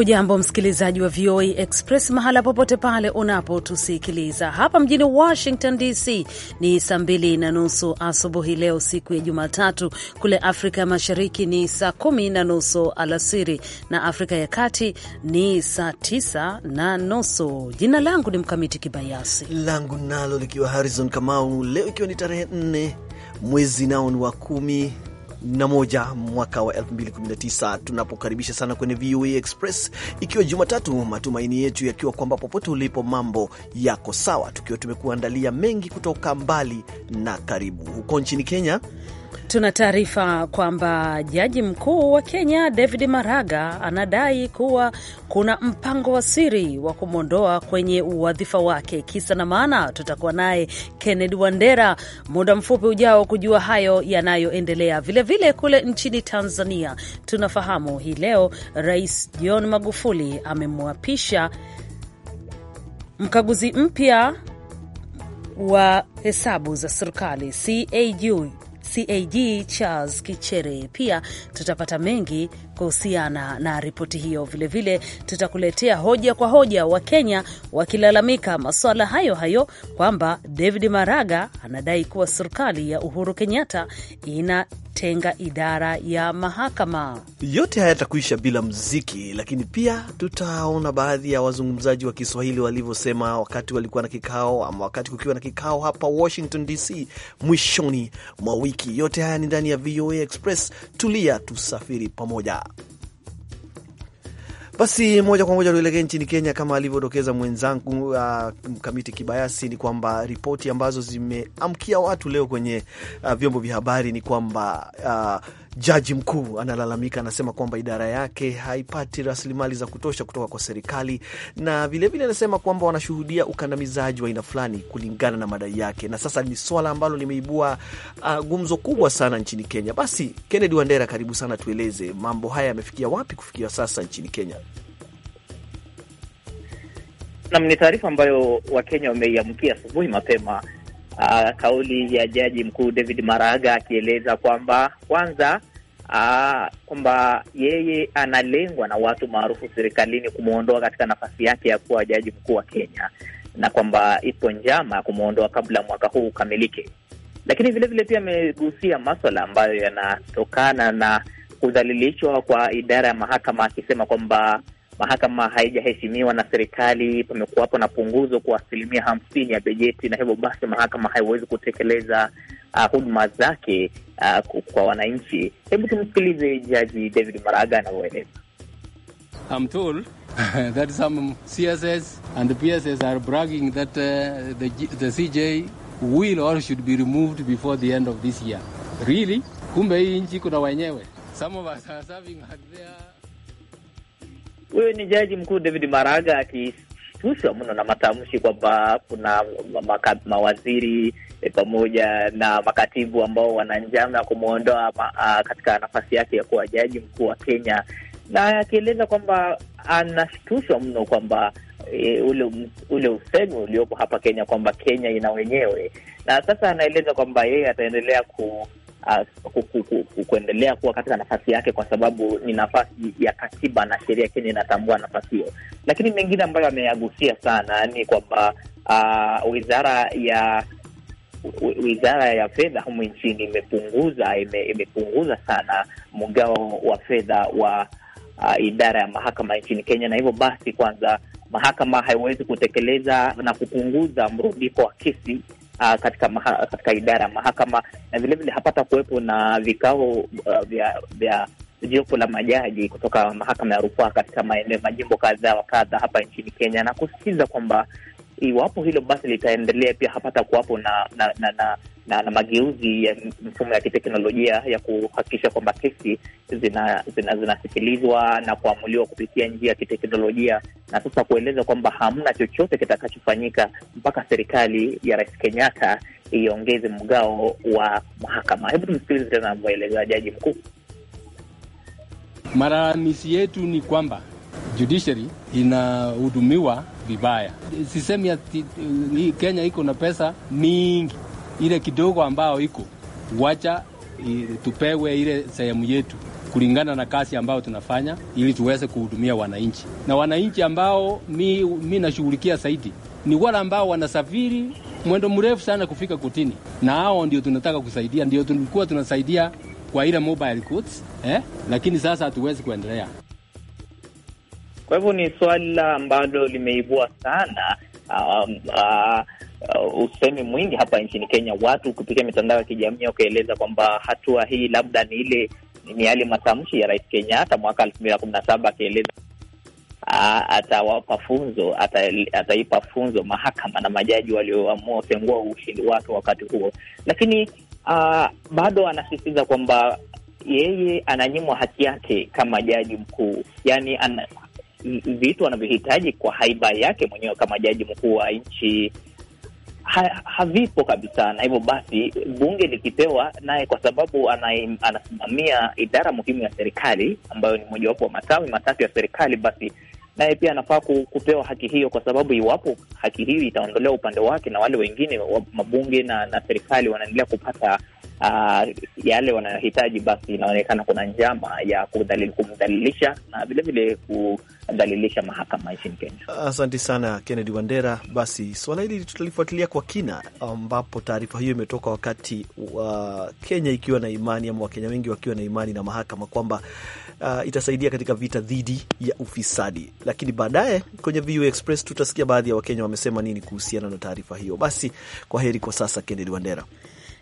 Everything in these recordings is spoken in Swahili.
Hujambo msikilizaji wa VOA Express mahala popote pale unapotusikiliza. Hapa mjini Washington DC ni saa mbili na nusu asubuhi leo siku ya Jumatatu. Kule Afrika Mashariki ni saa kumi na nusu alasiri na Afrika ya Kati ni saa tisa na nusu. Jina langu ni Mkamiti Kibayasi, langu nalo likiwa Harrison Kamau, leo ikiwa ni tarehe nne mwezi nao ni wa kumi na moja mwaka wa 2019 tunapokaribisha sana kwenye VOA Express, ikiwa Jumatatu, matumaini yetu yakiwa kwamba popote ulipo mambo yako sawa, tukiwa tumekuandalia mengi kutoka mbali na karibu. Huko nchini Kenya Tuna taarifa kwamba jaji mkuu wa Kenya David Maraga anadai kuwa kuna mpango wa siri wa kumwondoa kwenye wadhifa wake. Kisa na maana, tutakuwa naye Kennedy Wandera muda mfupi ujao kujua hayo yanayoendelea. Vilevile kule nchini Tanzania tunafahamu hii leo Rais John Magufuli amemwapisha mkaguzi mpya wa hesabu za serikali CAG CAG Charles Kichere. Pia tutapata mengi kuhusiana na ripoti hiyo. Vilevile tutakuletea hoja kwa hoja, wa kenya wakilalamika masuala hayo hayo kwamba David Maraga anadai kuwa serikali ya Uhuru Kenyatta inatenga idara ya mahakama. Yote haya yatakuisha bila mziki lakini pia tutaona baadhi ya wazungumzaji wa Kiswahili walivyosema wakati walikuwa na kikao ama wakati kukiwa na kikao hapa Washington DC mwishoni mwa wiki. Yote haya ni ndani ya VOA Express. Tulia, tusafiri pamoja. Basi moja kwa moja tuelekee nchini Kenya. Kama alivyodokeza mwenzangu uh, Mkamiti Kibayasi, ni kwamba ripoti ambazo zimeamkia watu leo kwenye uh, vyombo vya habari ni kwamba uh, Jaji mkuu analalamika, anasema kwamba idara yake haipati rasilimali za kutosha kutoka kwa serikali, na vilevile anasema kwamba wanashuhudia ukandamizaji wa aina fulani kulingana na madai yake. Na sasa ni swala ambalo limeibua uh, gumzo kubwa sana nchini Kenya. Basi Kennedy Wandera, karibu sana, tueleze mambo haya yamefikia wapi kufikia sasa nchini Kenya? Nam, ni taarifa ambayo Wakenya wameiamkia asubuhi mapema uh, kauli ya jaji mkuu David Maraga akieleza kwamba kwanza uh, kwamba yeye analengwa na watu maarufu serikalini kumwondoa katika nafasi yake ya kuwa jaji mkuu wa Kenya, na kwamba ipo njama ya kumwondoa kabla mwaka huu ukamilike. Lakini vilevile pia amegusia maswala ambayo yanatokana na kudhalilishwa kwa idara ya mahakama, akisema kwamba mahakama haijaheshimiwa na serikali. Pamekuwapo na punguzo kwa asilimia hamsini ya bajeti, na hivyo basi mahakama haiwezi kutekeleza uh, huduma zake uh, kwa wananchi. Hebu tumsikilize Jaji David Maraga anavyoeleza. I'm told that some CSS and the PSS are bragging that uh, the, the CJ will or should be removed before the end of this year. Really? Kumbe hii nchi kuna wenyewe. Some of us are serving huyo ni jaji mkuu David Maraga akishtushwa mno na matamshi kwamba kuna maka, mawaziri e, pamoja na makatibu ambao wana njama ya kumwondoa katika nafasi yake ya kuwa jaji mkuu wa Kenya, na akieleza kwamba anashtushwa mno kwamba e, ule ule usemi uliopo hapa Kenya kwamba Kenya ina wenyewe, na sasa anaeleza kwamba yeye ataendelea ku Uh, kuendelea kuwa katika nafasi yake, kwa sababu ni nafasi ya katiba na sheria Kenya inatambua nafasi hiyo. Lakini mengine ambayo ameyagusia sana ni kwamba uh, wizara ya wizara ya fedha humu nchini imepunguza ime, imepunguza sana mgao wa fedha wa uh, idara ya mahakama nchini Kenya, na hivyo basi, kwanza mahakama haiwezi kutekeleza na kupunguza mrudiko wa kesi uh, katika maha, katika idara ya mahakama na vilevile hapata kuwepo na vikao uh, vya vya jopo la majaji kutoka mahakama ya rufaa katika maeneo majimbo kadhaa wa kadha hapa nchini Kenya, na kusisitiza kwamba iwapo hilo basi litaendelea, pia hapata kuwapo na na, na, na na, na mageuzi ya mfumo ya kiteknolojia ya kuhakikisha kwamba kesi zinasikilizwa zina, zina na kuamuliwa kupitia njia ya kiteknolojia, na sasa kueleza kwamba hamna chochote kitakachofanyika mpaka serikali ya Rais Kenyatta iongeze mgao wa mahakama. Hebu tumsikilize tena anavyoeleza jaji mkuu. maraamisi yetu ni kwamba judiciary inahudumiwa vibaya. Sisemi ati eh, Kenya iko na pesa mingi ile kidogo ambayo iko, wacha tupewe ile sehemu yetu kulingana na kazi ambayo tunafanya ili tuweze kuhudumia wananchi. Na wananchi ambao mi, mi nashughulikia zaidi ni wale ambao wanasafiri mwendo mrefu sana kufika kutini, na hao ndio tunataka kusaidia, ndio tulikuwa tunasaidia kwa ile mobile courts, eh, lakini sasa hatuwezi kuendelea. Kwa hivyo ni swala ambalo limeibua sana um, uh, uh, usemi mwingi hapa nchini Kenya, watu kupitia mitandao ya kijamii wakaeleza kwamba hatua hii labda ni ile ni yale matamshi ya Rais Kenyatta mwaka elfu mbili na kumi na saba akieleza uh, atawapa funzo, ataipa funzo mahakama na majaji walioamua kutengua ushindi wake wakati huo, lakini Uh, bado anasisitiza kwamba yeye ananyimwa haki yake kama jaji mkuu, yani ana, vitu anavyohitaji kwa haiba yake mwenyewe kama jaji mkuu wa nchi ha, havipo kabisa, na hivyo basi bunge likipewa naye, kwa sababu anasimamia idara muhimu ya serikali ambayo ni mojawapo wa matawi matatu ya serikali, basi naye pia anafaa kupewa haki hiyo, kwa sababu iwapo haki hiyo itaondolewa upande wake na wale wengine wa mabunge na, na serikali wanaendelea kupata uh, yale wanayohitaji, basi inaonekana kuna njama ya kumdhalilisha na vilevile kudhalilisha mahakama nchini Kenya. Asante sana Kennedy Wandera. Basi swala hili tutalifuatilia kwa kina, ambapo taarifa hiyo imetoka wakati wa Kenya ikiwa na imani ama Wakenya wengi wakiwa na imani na mahakama kwamba uh, itasaidia katika vita dhidi ya ufisadi, lakini baadaye kwenye VU Express tutasikia baadhi ya Wakenya wamesema nini kuhusiana na taarifa hiyo. Basi kwa heri kwa sasa, Kennedy Wandera.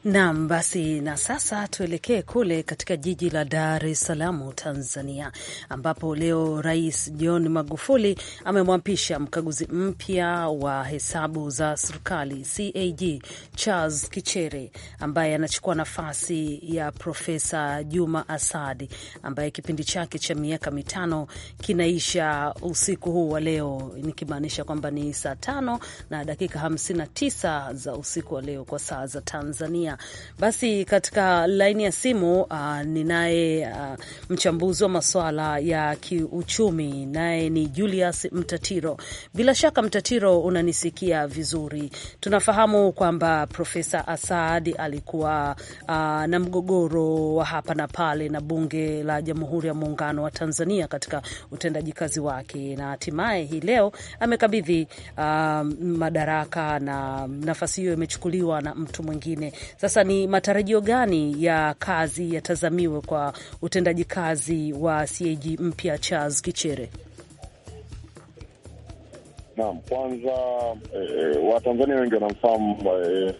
Naam, basi na sasa tuelekee kule katika jiji la Dar es Salaam, Tanzania, ambapo leo Rais John Magufuli amemwapisha mkaguzi mpya wa hesabu za serikali CAG Charles Kichere, ambaye anachukua nafasi ya Profesa Juma Asadi ambaye kipindi chake cha miaka mitano kinaisha usiku huu wa leo, nikimaanisha kwamba ni saa tano na dakika 59 za usiku wa leo kwa saa za Tanzania. Tanzania. Basi katika laini ya simu uh, ninaye uh, mchambuzi wa masuala ya kiuchumi, naye ni Julius Mtatiro. Bila shaka Mtatiro, unanisikia vizuri. Tunafahamu kwamba Profesa Assad alikuwa uh, na mgogoro wa hapa na pale na bunge la Jamhuri ya Muungano wa Tanzania katika utendaji kazi wake na hatimaye hii leo amekabidhi uh, madaraka na nafasi hiyo imechukuliwa na mtu mwingine. Sasa ni matarajio gani ya kazi yatazamiwe kwa utendaji kazi wa CAG mpya Charles Kichere? Naam, kwanza e, Watanzania wengi wanamfahamu e,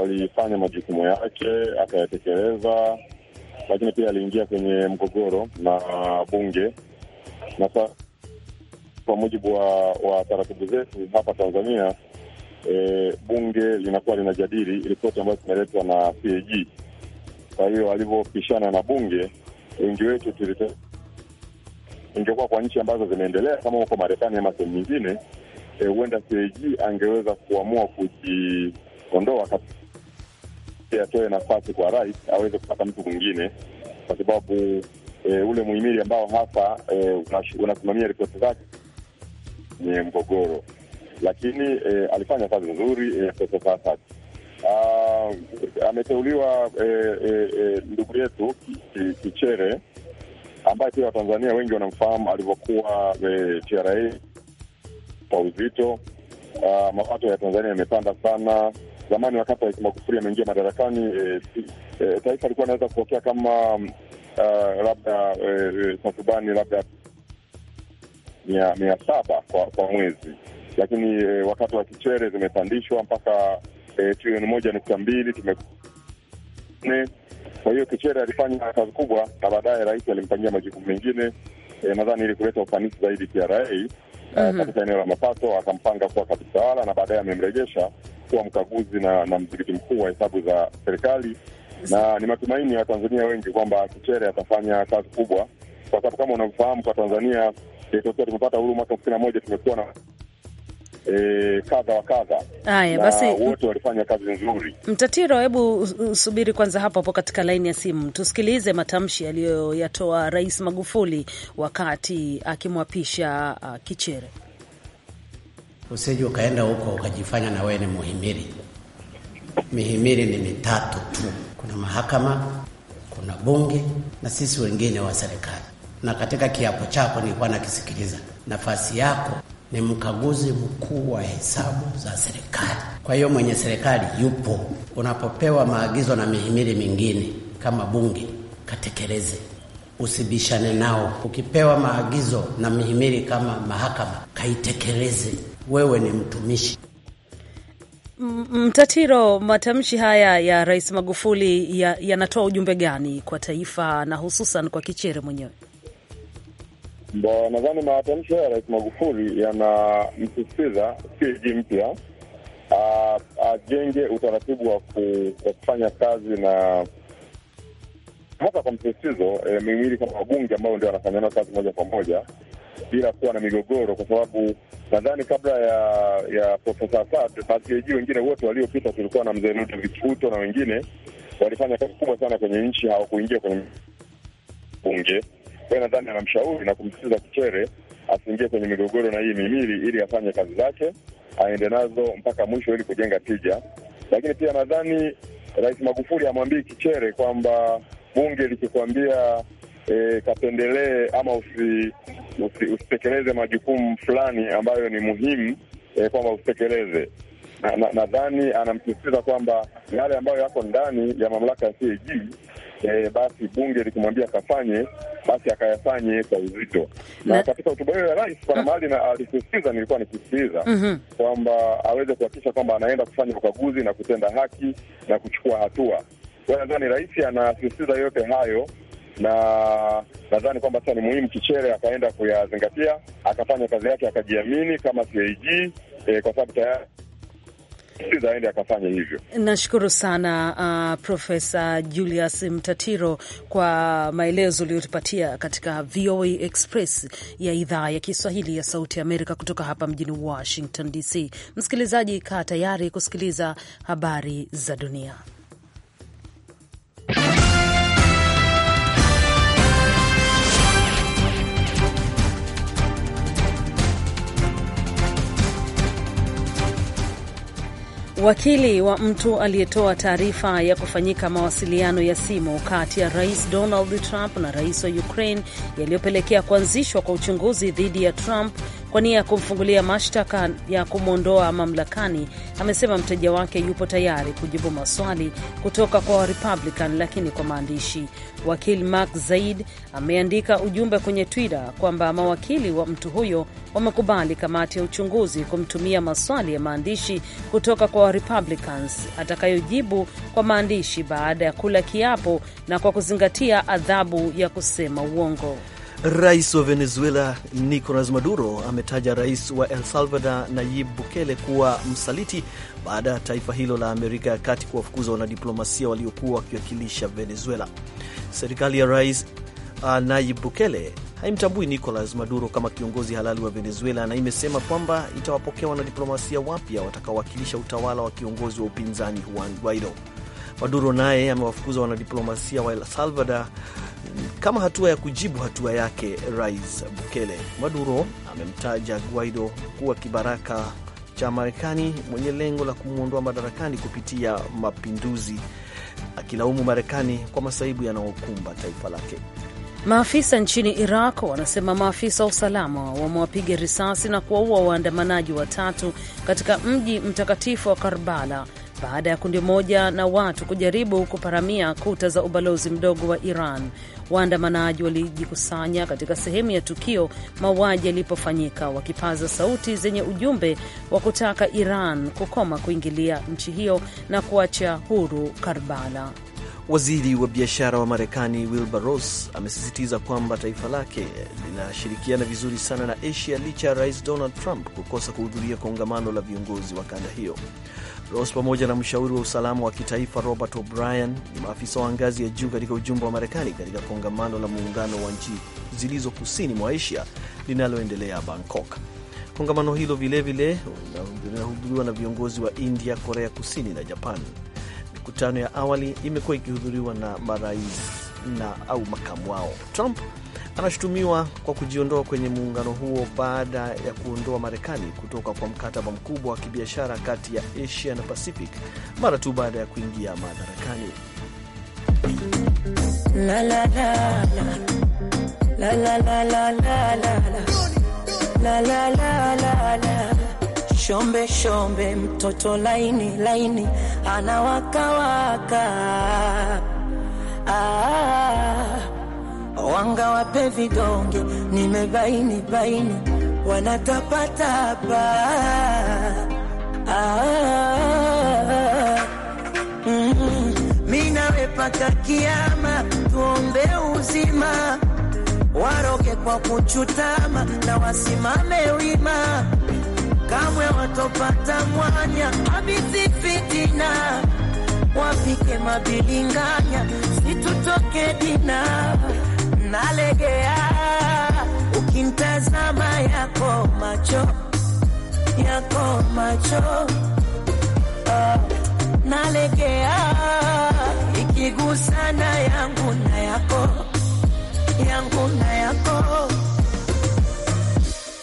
alifanya majukumu yake akayatekeleza, lakini pia aliingia kwenye mgogoro na bunge na kwa mujibu wa, wa taratibu zetu hapa Tanzania e, bunge linakuwa linajadili ripoti ambazo zimeletwa na CAG. Kwa hiyo walivyopishana na bunge, wengi wetu tulita, ingekuwa kwa nchi ambazo zimeendelea kama huko Marekani ama sehemu nyingine, e, huenda e, CAG angeweza kuamua kujiondoa atoe nafasi kwa rais aweze kupata mtu mwingine, kwa sababu e, ule muhimili ambao hapa e, unasimamia ripoti zake ni mgogoro lakini eh, alifanya kazi nzuri eh, Profesa ah, ameteuliwa eh, eh, eh, ndugu yetu Kichere ambaye pia Watanzania wengi wanamfahamu alivyokuwa eh, TRA kwa uzito. Uh, mapato ya Tanzania yamepanda sana. Zamani wakati wa Magufuli ameingia madarakani eh, eh, taifa alikuwa anaweza kupokea kama uh, labda takribani eh, eh, labda mia, mia saba kwa, kwa mwezi lakini e, wakati wa kichere zimepandishwa mpaka e, trilioni moja nukta mbili tume kwa hiyo Kichere alifanya kazi kubwa, na baadaye rais alimpangia majukumu mengine e, nadhani ili kuleta ufanisi zaidi TRA mm-hmm. katika eneo la mapato akampanga kuwa kabitawala na baadaye amemrejesha kuwa mkaguzi na, na mdhibiti mkuu wa hesabu za serikali, na ni matumaini ya Watanzania wengi kwamba Kichere atafanya kazi kubwa, kwa sababu kama unavyofahamu kwa Tanzania tokea tumepata uhuru mwaka elfu na moja tumekuwa na e, kadha wa kadha. Haya basi, wote walifanya kazi nzuri. Mtatiro, hebu subiri kwanza hapo hapo katika laini ya simu, tusikilize matamshi aliyoyatoa Rais Magufuli wakati akimwapisha uh, Kichere. Usije ukaenda huko ukajifanya na wewe ni muhimiri mihimiri ni mitatu tu, kuna mahakama, kuna bunge na sisi wengine wa serikali. Na katika kiapo chako nilikuwa nakisikiliza, nafasi yako ni mkaguzi mkuu wa hesabu za serikali. Kwa hiyo mwenye serikali yupo, unapopewa maagizo na mihimili mingine kama bunge, katekeleze, usibishane nao. Ukipewa maagizo na mihimili kama mahakama, kaitekeleze, wewe ni mtumishi. Mtatiro, matamshi haya ya Rais Magufuli yanatoa ya ujumbe gani kwa taifa na hususan kwa Kichere mwenyewe? ndo nadhani matamshi hayo ya Rais Magufuli yanamsisitiza CAG mpya ajenge utaratibu wa kufanya kazi na hata kwa msisitizo e, eh, miwili kama wabunge ambao ndio wanafanya nao kazi moja kwa moja bila kuwa na migogoro, kwa sababu nadhani kabla ya ya Profesa Asad CAG wengine wote waliopita, tulikuwa na mzee Ludovic Vichuto na wengine walifanya kazi kubwa sana kwenye nchi, hawakuingia kwenye bunge kwa hiyo nadhani anamshauri na kumsikiza Kuchere asiingie kwenye migogoro na hii mimili, ili afanye kazi zake aende nazo mpaka mwisho, ili kujenga tija. Lakini pia nadhani Rais Magufuli amwambii Kichere kwamba bunge likikwambia e, kapendelee ama usi, usi, usitekeleze majukumu fulani ambayo ni muhimu e, kwamba usitekeleze. Nadhani na, na anamsisitiza kwamba yale ambayo yako ndani ya mamlaka ya CAG e, basi bunge likimwambia kafanye basi akayafanye kwa uzito. Na katika hotuba hiyo ya rais, kuna mahali na alisisitiza, nilikuwa nikisisitiza mm -hmm. kwamba aweze kuhakikisha kwamba anaenda kufanya ukaguzi na kutenda haki na kuchukua hatua. Kwa nadhani rais anasisitiza yote hayo na nadhani kwamba sasa ni muhimu Kichere akaenda kuyazingatia, akafanya kazi yake, akajiamini kama CAG eh, kwa sababu tayari aende akafanya hivyo. Nashukuru sana uh, Profesa Julius Mtatiro kwa maelezo uliyotupatia katika VOA Express ya idhaa ya Kiswahili ya Sauti Amerika kutoka hapa mjini Washington DC. Msikilizaji, kaa tayari kusikiliza habari za dunia. Wakili wa mtu aliyetoa taarifa ya kufanyika mawasiliano ya simu kati ya Rais Donald Trump na rais wa Ukraine yaliyopelekea kuanzishwa kwa uchunguzi dhidi ya Trump kwa nia ya kumfungulia mashtaka ya kumwondoa mamlakani, amesema mteja wake yupo tayari kujibu maswali kutoka kwa Warepublican, lakini kwa maandishi. Wakili Mark Zaid ameandika ujumbe kwenye Twitter kwamba mawakili wa mtu huyo wamekubali kamati ya uchunguzi kumtumia maswali ya maandishi kutoka kwa Republicans atakayojibu kwa maandishi baada ya kula kiapo na kwa kuzingatia adhabu ya kusema uongo. Rais wa Venezuela Nicolas Maduro ametaja rais wa El Salvador Nayib Bukele kuwa msaliti baada ya taifa hilo la Amerika ya kati kuwafukuza wanadiplomasia waliokuwa wakiwakilisha Venezuela. Serikali ya rais uh, Nayib Bukele haimtambui Nicolas Maduro kama kiongozi halali wa Venezuela na imesema kwamba itawapokea wanadiplomasia wapya watakaowakilisha utawala wa kiongozi wa upinzani Juan Guaido. Maduro naye amewafukuza wanadiplomasia wa El Salvador kama hatua ya kujibu hatua yake. Rais Bukele, Maduro amemtaja Guaido kuwa kibaraka cha Marekani mwenye lengo la kumwondoa madarakani kupitia mapinduzi, akilaumu Marekani kwa masaibu yanayokumba taifa lake. Maafisa nchini Iraq wanasema maafisa wa usalama wamewapiga risasi na kuwaua waandamanaji watatu katika mji mtakatifu wa Karbala baada ya kundi moja na watu kujaribu kuparamia kuta za ubalozi mdogo wa Iran. Waandamanaji walijikusanya katika sehemu ya tukio mauaji yalipofanyika, wakipaza sauti zenye ujumbe wa kutaka Iran kukoma kuingilia nchi hiyo na kuacha huru Karbala. Waziri wa biashara wa Marekani Wilbur Ross amesisitiza kwamba taifa lake linashirikiana vizuri sana na Asia licha ya Rais Donald Trump kukosa kuhudhuria kongamano la viongozi wa kanda hiyo. Ross pamoja na mshauri wa usalama wa kitaifa Robert O'Brien ni maafisa wa ngazi ya juu katika ujumbe wa Marekani katika kongamano la muungano wa nchi zilizo kusini mwa Asia linaloendelea Bangkok. Kongamano hilo vilevile linahudhuriwa na viongozi wa India, Korea Kusini na Japan. Mikutano ya awali imekuwa ikihudhuriwa na marais na au makamu wao. Trump anashutumiwa kwa kujiondoa kwenye muungano huo baada ya kuondoa Marekani kutoka kwa mkataba mkubwa wa kibiashara kati ya Asia na Pacific mara tu baada ya kuingia madarakani. shombeshombe Shombe shombe mtoto laini laini anawakawaka ah, ah, ah wanga wape vidonge, nimebaini baini wanatapatapa. Ah, mm mm-hmm. Minawe paka kiama, tuombe uzima, waroge kwa kuchutama na wasimame wima, kamwe watopata mwanya abisi fitina, wapike mabilinganya, situtoke dina unalegea, ukimtazama yako macho yako macho uh, nalegea, ikigusana yangu na yako yangu na yako,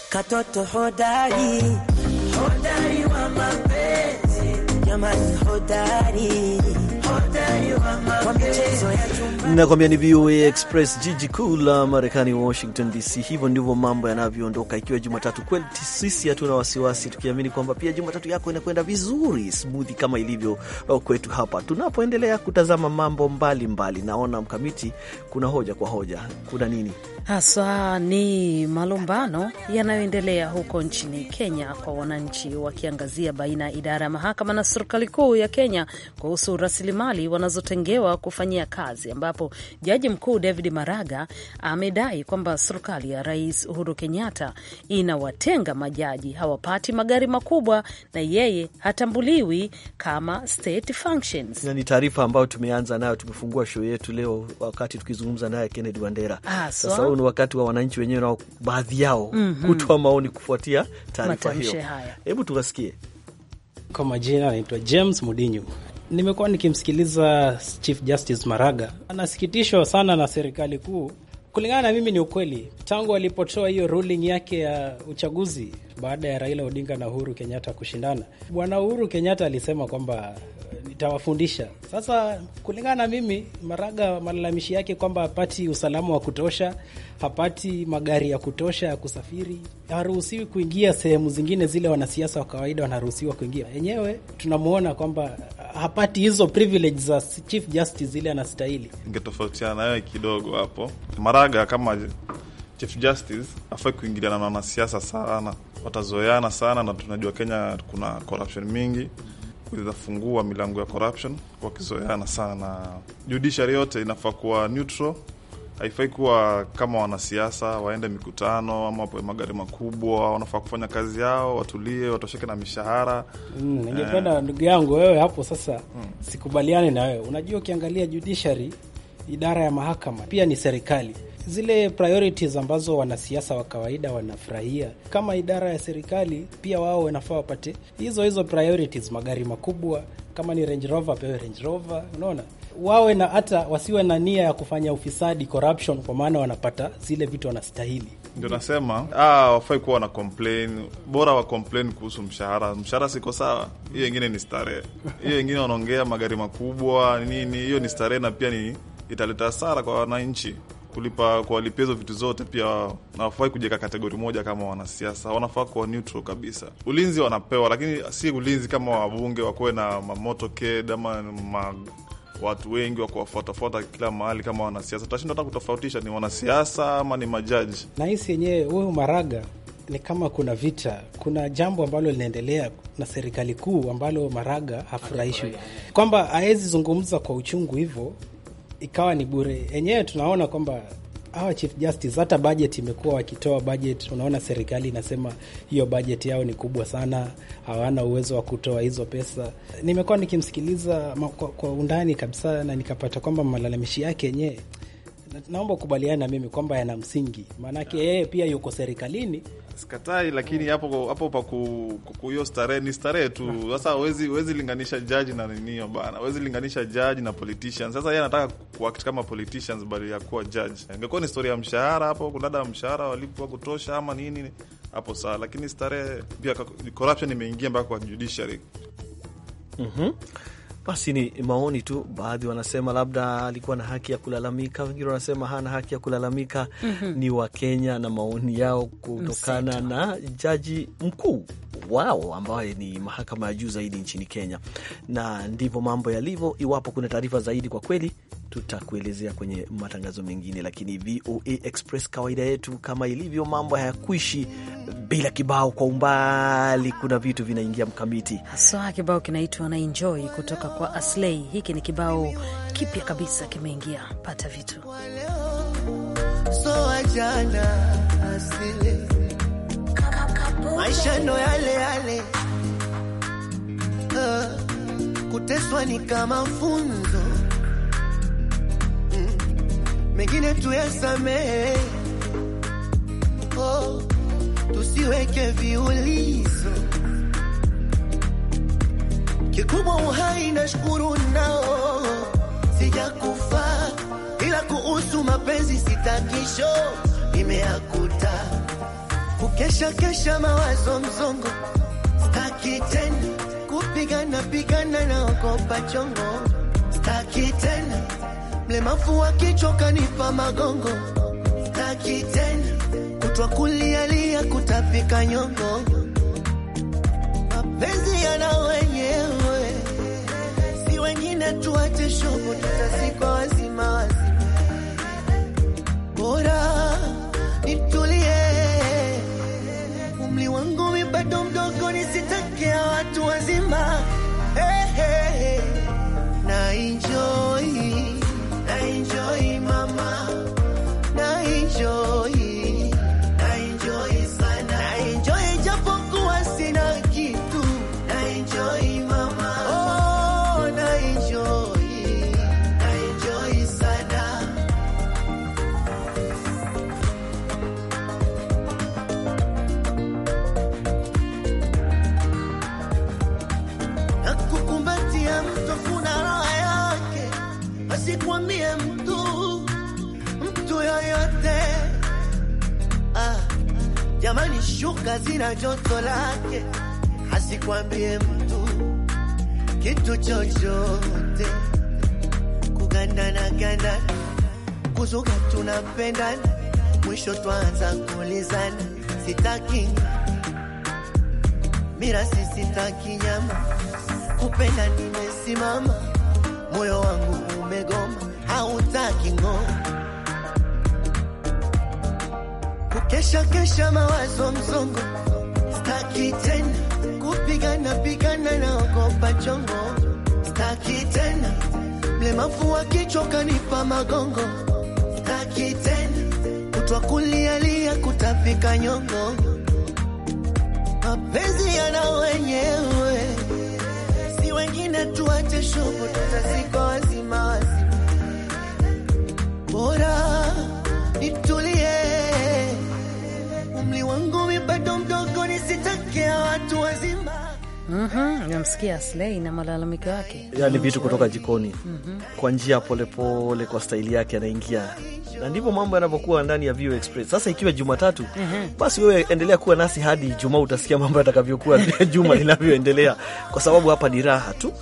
katoto hodari hodari wa mapenzi, jamani hodari Nakwambia ni VOA Express, jiji kuu la Marekani, Washington DC. Hivyo ndivyo mambo yanavyoondoka, ikiwa Jumatatu kweli. Sisi hatuna wasiwasi, tukiamini kwamba pia Jumatatu yako inakwenda vizuri smooth kama ilivyo uh, kwetu hapa, tunapoendelea kutazama mambo mbalimbali mbali. Naona Mkamiti, kuna hoja kwa hoja, kuna nini haswa? Ni malumbano yanayoendelea huko nchini Kenya kwa wananchi, wakiangazia baina ya idara ya mahakama na serikali kuu ya Kenya kuhusu rasilimali serikali wanazotengewa kufanyia kazi, ambapo jaji mkuu David Maraga amedai kwamba serikali ya Rais Uhuru Kenyatta inawatenga majaji, hawapati magari makubwa na yeye hatambuliwi kama state functions. Na ni taarifa ambayo tumeanza nayo, tumefungua show yetu leo wakati tukizungumza naye Kennedy Wandera. Ah, Sasa huu ni wakati wa wananchi wenyewe nao baadhi yao mm -hmm. kutoa maoni kufuatia taarifa hiyo. Hebu tuwasikie. Kwa majina anaitwa James Mudinyu. Nimekuwa nikimsikiliza Chief Justice Maraga, anasikitishwa sana na serikali kuu. Kulingana na mimi, ni ukweli, tangu alipotoa hiyo ruling yake ya uchaguzi baada ya Raila Odinga na Uhuru Kenyatta kushindana, bwana Uhuru Kenyatta alisema kwamba nitawafundisha. Sasa kulingana na mimi, Maraga malalamishi yake kwamba hapati usalama wa kutosha, hapati magari ya kutosha ya kusafiri, haruhusiwi kuingia sehemu zingine zile wanasiasa wa kawaida wanaruhusiwa kuingia. Yenyewe tunamwona kwamba hapati hizo privilege za chief justice zile anastahili. Ingetofautiana nayo kidogo hapo. Maraga kama chief justice afai kuingiliana na wanasiasa sana, watazoeana sana, na tunajua Kenya kuna corruption mingi kuzafungua milango ya corruption wakizoeana sana, na judiciary yote inafaa kuwa neutral. Haifai kuwa kama wanasiasa waende mikutano ama wapewe magari makubwa. Wanafaa kufanya kazi yao, watulie, watosheke na mishahara. Mm, eh, ndugu yangu wewe hapo sasa, mm, sikubaliane na wewe. Unajua, ukiangalia judiciary, idara ya mahakama pia ni serikali zile priorities ambazo wanasiasa wa kawaida wanafurahia. Kama idara ya serikali, pia wao wanafaa wapate hizo hizo priorities, magari makubwa kama ni Range Rover pewe Range Rover, unaona, wawe na hata wasiwe na nia ya kufanya ufisadi corruption, kwa maana wanapata zile vitu wanastahili. Ndio nasema ah, wafai kuwa wana complain, bora wa complain kuhusu mshahara. Mshahara siko sawa, hiyo wengine ni starehe, hiyo wengine wanaongea magari makubwa nini, hiyo ni starehe na pia ni italeta hasara kwa wananchi kulipa kuwalipia hizo vitu zote, pia hawafai kujeka kategori moja kama wanasiasa, wanafaa kuwa neutral kabisa. Ulinzi wanapewa, lakini si ulinzi kama wabunge wakuwe na mamotoked ama ma watu wengi wa kuwafuatafuata kila mahali kama wanasiasa, tutashindwa hata kutofautisha ni wanasiasa ama ni majaji. Na hisi yenyewe huyu Maraga ni kama kuna vita, kuna jambo ambalo linaendelea na serikali kuu ambalo Maraga hafurahishwi kwamba awezi zungumza kwa uchungu hivyo, ikawa ni bure. Yenyewe tunaona kwamba hawa chief justice hata budget imekuwa wakitoa budget, unaona serikali inasema hiyo budget yao ni kubwa sana, hawana uwezo wa kutoa hizo pesa. Nimekuwa nikimsikiliza kwa, kwa undani kabisa na nikapata kwamba malalamishi yake yenyewe naomba ukubaliana na mimi kwamba yana msingi, maanake yeye pia yuko serikalini. Sikatai, lakini mm. hapo hapo pa kuyo starehe ni starehe tu. Sasa wezi, wezi linganisha judge na ninio bana, wezi linganisha judge na politicians. Sasa yeye anataka kuact kama politicians bali ya kuwa judge. Ingekuwa ni story ya mshahara hapo, kuna dada mshahara walipwa kutosha ama nini hapo sawa, lakini starehe pia corruption imeingia mpaka kwa judiciary. Mhm. Mm basi ni maoni tu, baadhi wanasema labda alikuwa na haki ya kulalamika, wengine wanasema hana haki ya kulalamika. mm -hmm. Ni Wakenya na maoni yao kutokana Msito. na jaji mkuu wao ambaye ni mahakama ya juu zaidi nchini Kenya. Na ndivyo mambo yalivyo. Iwapo kuna taarifa zaidi, kwa kweli tutakuelezea kwenye matangazo mengine, lakini VOA Express, kawaida yetu, kama ilivyo, mambo hayakuishi bila kibao. Kwa umbali, kuna vitu vinaingia mkamiti, haswa kibao kinaitwa na enjoy kutoka kwa aslei Hiki ni kibao kipya kabisa, kimeingia pata vitu so, ajana, maisha ndo yale yale. Uh, kuteswa ni kama funzo mm, mengine tuyasamehe. Oh, tusiweke viulizo kikubwa uhai na shukuru nao, sijakufa ila kuhusu mapenzi sitakisho imeakuta kukesha kesha mawazo mzongo, staki tena kupigana pigana na ogopa chongo, staki tena mlemavu akichoka nipa magongo, staki tena kutwa kulialia kutapika nyongo, mapenzi yana wenyewe si wengine tuache shobo wazi Jamani, shuka zina joto lake, hasikwambie mtu kitu chochote. Kugandana ganda kuzuka tunapendana, mwisho twanza kulizana. Sitaki mirasi, sitaki nyama, kupenda nimesimama, moyo wangu umegoma, hautaki ngoma kesha kesha, mawazo mzongo staki tena kupigana pigana na ogopa chongo, staki tena mlemafu wa kichwa kanipa magongo, staki tena kutwa kulialia kutafika nyongo, mapenzi yana wenyewe, si wengine, tuache shughuli tutaziko wazima wazima bora Mhm, Namsikia Aslei na malalamiko yake, yani vitu kutoka jikoni mm -hmm. kwa njia polepole, kwa staili yake anaingia, na ndivyo mambo yanavyokuwa ndani ya Express. Sasa ikiwa Jumatatu mm -hmm. basi wewe endelea kuwa nasi hadi Jumaa, utasikia mambo yatakavyokuwa juma linavyoendelea, kwa sababu hapa ni raha tu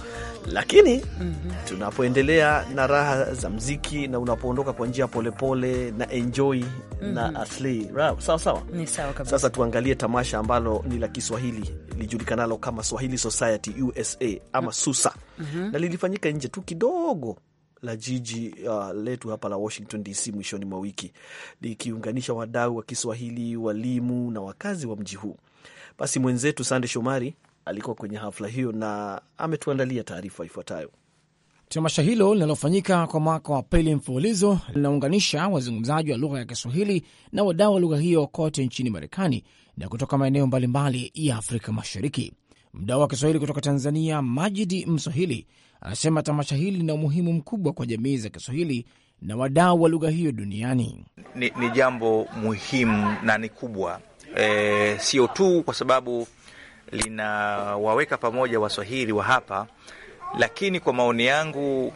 lakini mm -hmm. tunapoendelea na raha za mziki na unapoondoka kwa njia polepole na enjoy mm -hmm. na asli mhm. sawa sawa, ni sawa kabisa. Sasa tuangalie tamasha ambalo ni la Kiswahili lijulikanalo kama Swahili Society USA ama SUSA mm -hmm. na lilifanyika nje tu kidogo la jiji uh, letu hapa la Washington DC mwishoni mwa wiki likiunganisha wadau wa Kiswahili, walimu na wakazi wa mji huu. Basi mwenzetu Sande Shomari alikuwa kwenye hafla hiyo na ametuandalia taarifa ifuatayo. Tamasha hilo linalofanyika kwa mwaka wa pili mfululizo linaunganisha wazungumzaji wa lugha ya Kiswahili na wadau wa lugha hiyo kote nchini Marekani na kutoka maeneo mbalimbali ya Afrika Mashariki. Mdau wa Kiswahili kutoka Tanzania, Majidi Mswahili, anasema tamasha hili lina umuhimu mkubwa kwa jamii za Kiswahili na wadau wa lugha hiyo duniani. Ni, ni jambo muhimu na ni kubwa e, sio tu kwa sababu linawaweka pamoja Waswahili wa hapa lakini kwa maoni yangu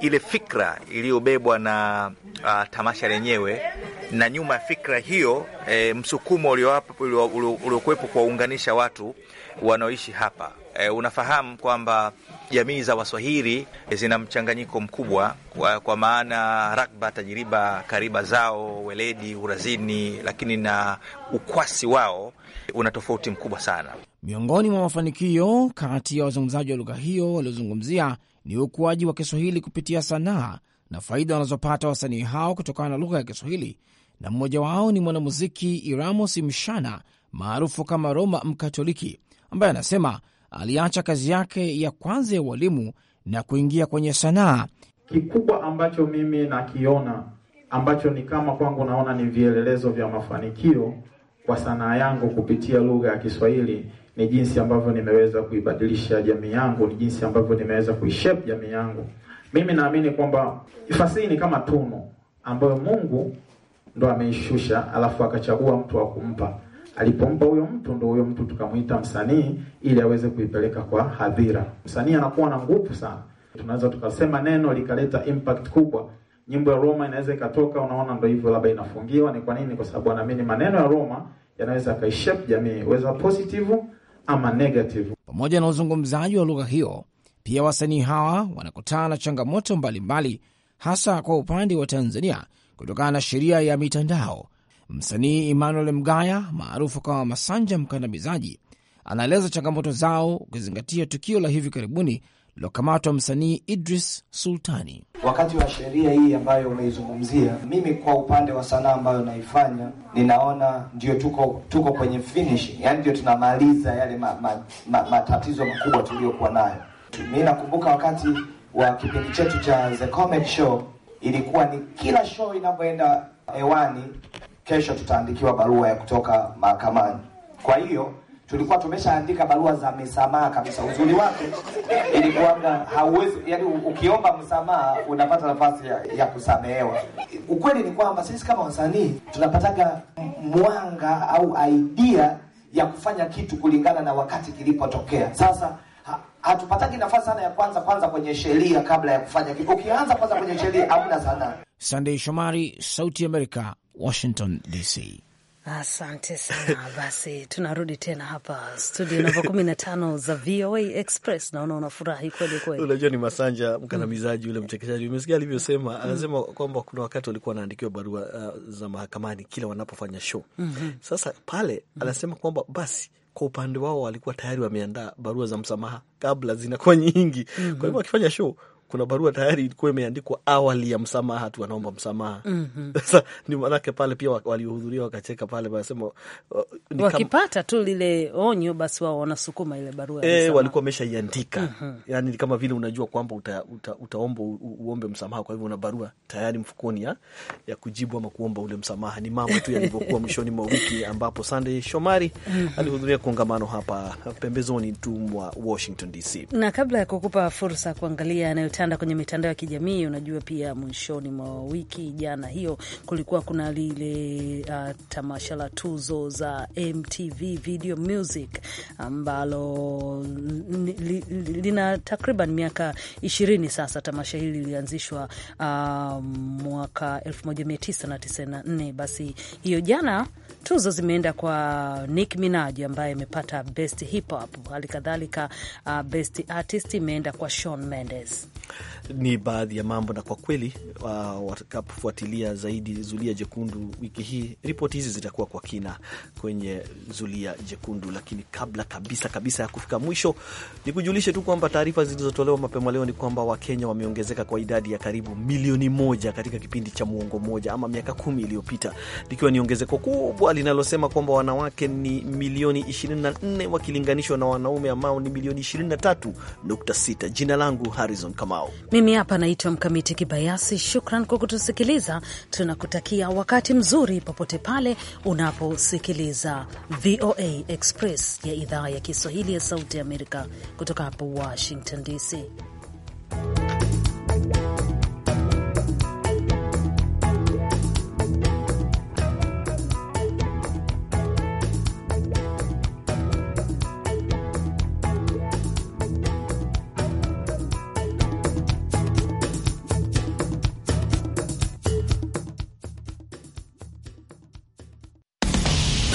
ile fikra iliyobebwa na a, uh, tamasha lenyewe na nyuma ya fikra hiyo e, msukumo uliokuwepo kuwaunganisha watu wanaoishi hapa e, unafahamu kwamba jamii za Waswahili zina mchanganyiko mkubwa kwa, kwa maana rakba, tajiriba, kariba zao, weledi, urazini, lakini na ukwasi wao una tofauti mkubwa sana. Miongoni mwa mafanikio kati ya wazungumzaji wa lugha hiyo waliozungumzia ni ukuaji wa Kiswahili kupitia sanaa na faida wanazopata wasanii hao kutokana na lugha ya Kiswahili, na mmoja wao ni mwanamuziki Iramos Mshana maarufu kama Roma Mkatoliki, ambaye anasema aliacha kazi yake ya kwanza ya ualimu na kuingia kwenye sanaa. Kikubwa ambacho mimi nakiona ambacho ni kama kwangu naona ni vielelezo vya mafanikio kwa sanaa yangu kupitia lugha ya Kiswahili ni jinsi ambavyo nimeweza kuibadilisha jamii yangu, ni jinsi ambavyo nimeweza kuishape jamii yangu. Mimi naamini kwamba fasihi ni kama tunu ambayo Mungu ndo ameishusha, alafu akachagua mtu wa kumpa. Alipompa huyo mtu, ndo huyo mtu tukamwita msanii, ili aweze kuipeleka kwa hadhira. Msanii anakuwa na nguvu sana, tunaweza tukasema neno likaleta impact kubwa. Nyimbo ya Roma inaweza ikatoka, unaona, ndo hivyo, labda inafungiwa. Ni kwa nini? Kwa sababu anaamini maneno ya Roma yanaweza akaishape jamii, weza positive ama negative. Pamoja na uzungumzaji wa lugha hiyo, pia wasanii hawa wanakutana na changamoto mbalimbali mbali, hasa kwa upande wa Tanzania kutokana na sheria ya mitandao. Msanii Emmanuel Mgaya maarufu kama Masanja Mkandamizaji anaeleza changamoto zao, ukizingatia tukio la hivi karibuni lilokamatwa msanii Idris Sultani. Wakati wa sheria hii ambayo umeizungumzia, mimi kwa upande wa sanaa ambayo naifanya, ninaona ndio tuko tuko kwenye finishing, yani ndio tunamaliza yale ma, ma, ma, matatizo makubwa tuliyokuwa nayo. Mi nakumbuka wakati wa kipindi chetu cha The Comic Show, ilikuwa ni kila show inapoenda hewani, kesho tutaandikiwa barua ya kutoka mahakamani. Kwa hiyo tulikuwa tumeshaandika barua za misamaha kabisa. Uzuri wake ilikuwa hauwezi, yani ukiomba msamaha unapata nafasi ya, ya kusamehewa. Ukweli ni kwamba sisi kama wasanii tunapataga mwanga au idea ya kufanya kitu kulingana na wakati kilipotokea. Sasa hatupataki nafasi sana ya kwanza kwanza kwenye sheria kabla ya kufanya kitu. Ukianza kwanza kwenye sheria hamna sana. Sunday Shomari, Sauti ya Amerika, Washington DC. Asante sana. Basi tunarudi tena hapa studio namba kumi na tano za VOA Express. Naona unafurahi kweli kweli. Unajua ni Masanja mkandamizaji yule mchekeshaji, umesikia alivyosema. Mm-hmm. Anasema kwamba kuna wakati walikuwa wanaandikiwa barua uh, za mahakamani kila wanapofanya show. Mm-hmm. Sasa pale mm-hmm. anasema kwamba basi kwa upande wao walikuwa tayari wameandaa barua za msamaha kabla zinakuwa nyingi, kwa hivyo wakifanya show kuna barua tayari ilikuwa imeandikwa awali ya msamaha tu, wanaomba msamaha mhm. Sasa mm -hmm. ni maanake pale pia walihudhuria wakacheka pale, wanasema uh, wakipata tu lile onyo basi wao wanasukuma ile barua e, walikuwa wameshaiandika mm -hmm. Yani ni kama vile unajua kwamba uta, uta, utaomba uombe msamaha, kwa hivyo una barua tayari mfukoni ya, ya kujibu ama kuomba ule msamaha. Ni mambo tu yalivyokuwa mwishoni mwa wiki ambapo Sandey Shomari mm -hmm. alihudhuria kongamano hapa pembezoni tu mwa Washington DC, na kabla ya kukupa fursa kuangalia anayo yanayotanda kwenye mitandao ya kijamii. Unajua, pia mwishoni mwa wiki jana hiyo kulikuwa kuna lile uh, tamasha la tuzo za MTV Video Music ambalo lina takriban miaka ishirini sasa. Tamasha hili lilianzishwa uh, mwaka 1994 basi hiyo jana tuzo zimeenda kwa Nick Minaj ambaye amepata best hip hop, hali kadhalika uh, best artist imeenda kwa Shawn Mendes. Ni baadhi ya mambo, na kwa kweli uh, watakapofuatilia zaidi Zulia Jekundu wiki hii, ripoti hizi zitakuwa kwa kina kwenye Zulia Jekundu. Lakini kabla kabisa kabisa ya kufika mwisho, kujulishe tu kwamba taarifa zilizotolewa mapema leo ni kwamba Wakenya wameongezeka kwa idadi ya karibu milioni moja katika kipindi cha muongo mmoja ama miaka kumi iliyopita, likiwa ni ongezeko kubwa linalosema kwamba wanawake ni milioni 24 wakilinganishwa na wanaume ambao ni milioni 23.6. Jina langu Harrison Kamau, mimi hapa naitwa Mkamiti Kibayasi. Shukran kwa kutusikiliza, tunakutakia wakati mzuri popote pale unaposikiliza VOA Express ya idhaa ya Kiswahili ya Sauti ya Amerika kutoka hapa Washington DC.